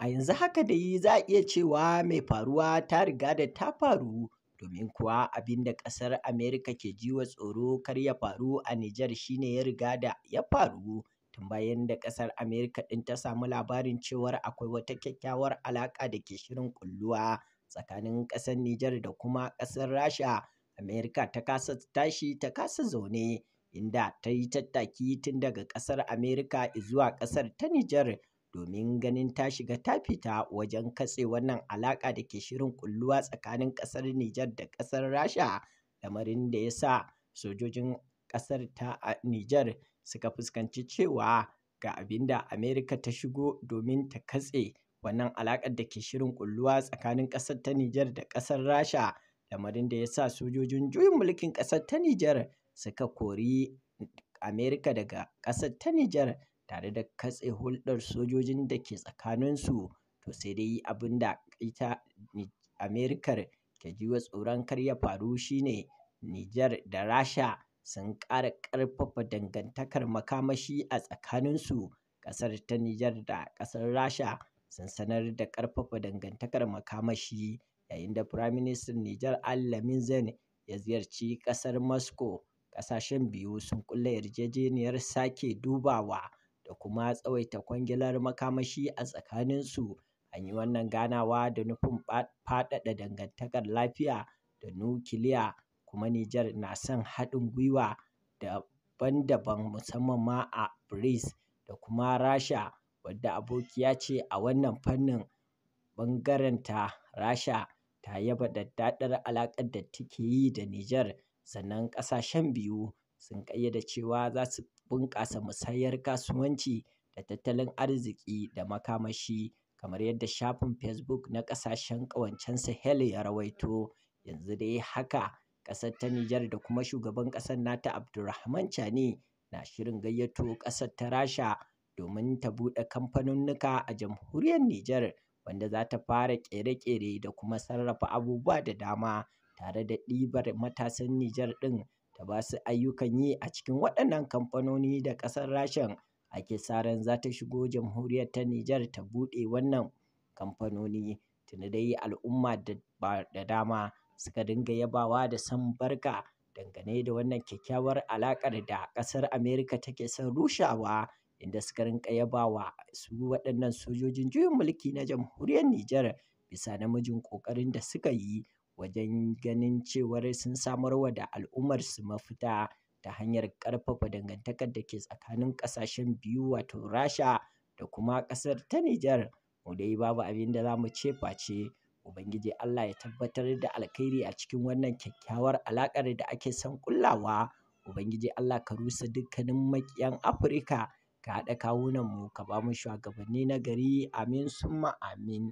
A yanzu haka da yi, za a iya cewa mai faruwa ta riga da ta faru domin kuwa abin da ƙasar Amerika ke ji wa tsoro kar ya faru a Nijar shine ya riga da ya faru tun bayan da ƙasar Amerika ɗin ta samu labarin cewar akwai wata kyakkyawar alaƙa da ke shirin ƙulluwa tsakanin ƙasar Nijar da kuma ƙasar Rasha. Amerika ta kasa tashi ta kasa zaune inda ta yi tattaki tun daga ƙasar Amerika zuwa ƙasar ta Nijar domin ganin ta shiga ta fita wajen katse wannan alaƙa da ke shirin kulluwa tsakanin ƙasar Nijar da ƙasar Rasha lamarin da ya sa sojojin ƙasar ta Nijar suka fuskanci cewa ga abin da Amerika ta shigo domin ta katse wannan alaƙar da ke shirin kulluwa tsakanin ƙasar ta Nijar da ƙasar Rasha lamarin da ya sa sojojin juyin mulkin ƙasar ta Nijar suka kori Amerika daga ƙasar ta Nijar tare da katse hulɗar sojojin da ke tsakaninsu to sai dai abin da ita Amerikar ke ji wa tsoron kar ya faru shine Nijar da Rasha sun ƙara ƙarfafa dangantakar makamashi a tsakaninsu ƙasar ta Nijar da ƙasar Rasha sun sanar da ƙarfafa dangantakar makamashi yayin da Firaministan Nijar Al-Lamin Zen ya ziyarci ƙasar Moscow ƙasashen biyu sun ƙulla yarjejeniyar sake dubawa da kuma tsawaita kwangilar makamashi a tsakaninsu. An yi wannan ganawa da nufin faɗaɗa dangantakar lafiya da nukiliya kuma Nijar na son haɗin gwiwa daban-daban musamman ma a BRICS da kuma Rasha wadda abokiya ce a wannan fannin. ta Rasha ta yaba daddaɗar alaƙar da take yi da Nijar sannan ƙasashen biyu sun ƙayyade cewa za su bunƙasa musayar kasuwanci da tattalin arziki da makamashi kamar yadda shafin Facebook na ƙasashen ƙawancen Sahel ya rawaito yanzu dai haka ƙasar ta Nijar da kuma shugaban ƙasar nata Abdulrahman Chani na shirin gayyato ƙasar ta Rasha domin ta buɗe kamfanunnuka a jamhuriyar Nijar wanda za ta fara ƙere-ƙere da kuma sarrafa abubuwa da dama tare da ɗibar matasan Nijar ɗin ta ba su ayyukan yi a cikin waɗannan kamfanoni da ƙasar rashin ake saran za ta shigo jamhuriyar ta Nijar ta buɗe wannan kamfanoni tuni dai al'umma da dama suka dinga yabawa da san barka dangane da wannan kyakkyawar alaƙar da ƙasar Amerika take son rushawa inda suka rinka yabawa su waɗannan sojojin juyin mulki na jamhuriyar Nijar bisa namijin ƙoƙarin da suka yi wajen ganin cewar sun samar wa da al'ummar su mafita ta hanyar ƙarfafa dangantakar da ke tsakanin ƙasashen biyu wato Rasha da kuma ƙasar ta Nijar. Mu dai babu abin da za mu ce face Ubangiji Allah ya tabbatar da alkhairi a cikin wannan kyakkyawar alaƙar da ake son kullawa Ubangiji Allah ka rusa dukkanin maƙiyan Afirka ka haɗa kawunan mu ka ba mu shugabanni na gari amin summa amin.